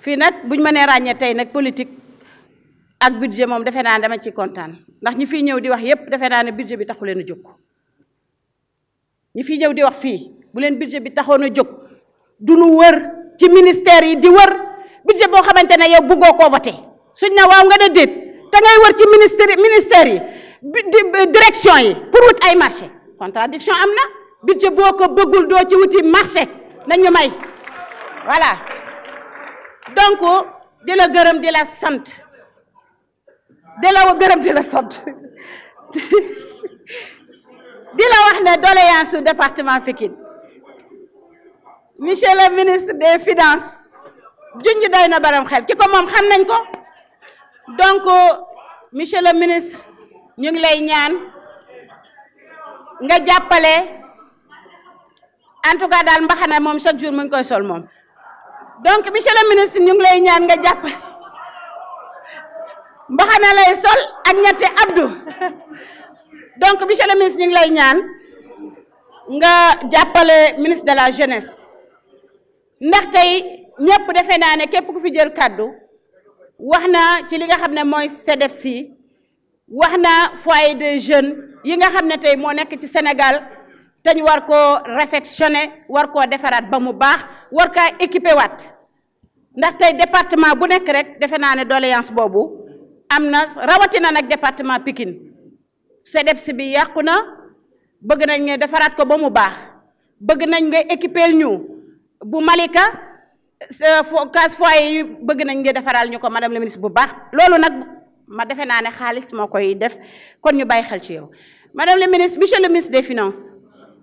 fii nag bu ñu mënee ràññee tey nag politique ak budget moom defe naa ne dama ci kontaan ndax ñi fiy ñëw di wax yépp defe naa ne budget bi taxu leen a jóg ñi fi ñëw di wax fii bu leen budget bi taxoon a jóg du nu wër ci ministère yi di wër budget boo xamante ne yow bëggoo koo voté suñ na waaw nga a déet te ngay wër ci ministère yi yi direction yi pour wut ay marché contradiction am na budget boo ko bëggul doo ci wuti marché nañu may voilà donc di la gërëm di la sant di la gërëm di la sant di la wax ne doléance département Pikine monsieur le ministre des finances junj doy na baram xel Kiko ko moom xam nañ ko donc monsieur le ministre ñu ngi lay ñaan nga jàppale en tout cas daal mbaxana moom chaque jour mu ngi koy sol mom. donc monsieur le ministre ñu ngi lay ñaan nga japp mbaxana lay sol ak ñatte abdu donc monsieur le ministre ñu ngi lay ñaan nga jappalé ministre de la jeunesse ndax tay ñepp defe naa képp ku fi jël cadeau waxna na ci li nga xamné moy cdfc waxna foyer des jeunes yi nga xamné tay mo nekk ci Sénégal te ñu war koo réfectionné war koo defaraat ba mu baax war kaa équipé waat ndax tey département bu nekk rek defe naa ne doléance boobu am na rawatina nag département Pikine SEDEPS bi yàqu na bëgg nañ nga defaraat ko ba mu baax bëgg nañ nga équipeel ñu bu Malika case foyer yi bëgg nañ nga defaraal ñu ko madame la ministre bu baax loolu nag ma defe naa ne xaalis moo koy def kon ñu bàyyi xel ci yow madame la ministre monsieur le ministre des finances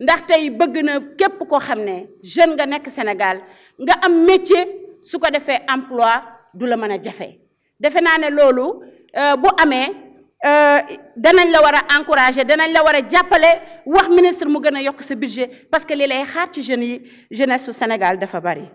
ndax tey bëgg na képp koo xam ne jeune nga nekk Sénégal nga am métier su ko defee emploi du la mën a jafe defe naa ne loolu euh, bu amee euh, danañ la wara a encourager danañ la wara a jàppale wax ministre mu gën a yokk sa budget parce que li lay xaar ci jeunes yi jeunesse su Sénégal dafa bari.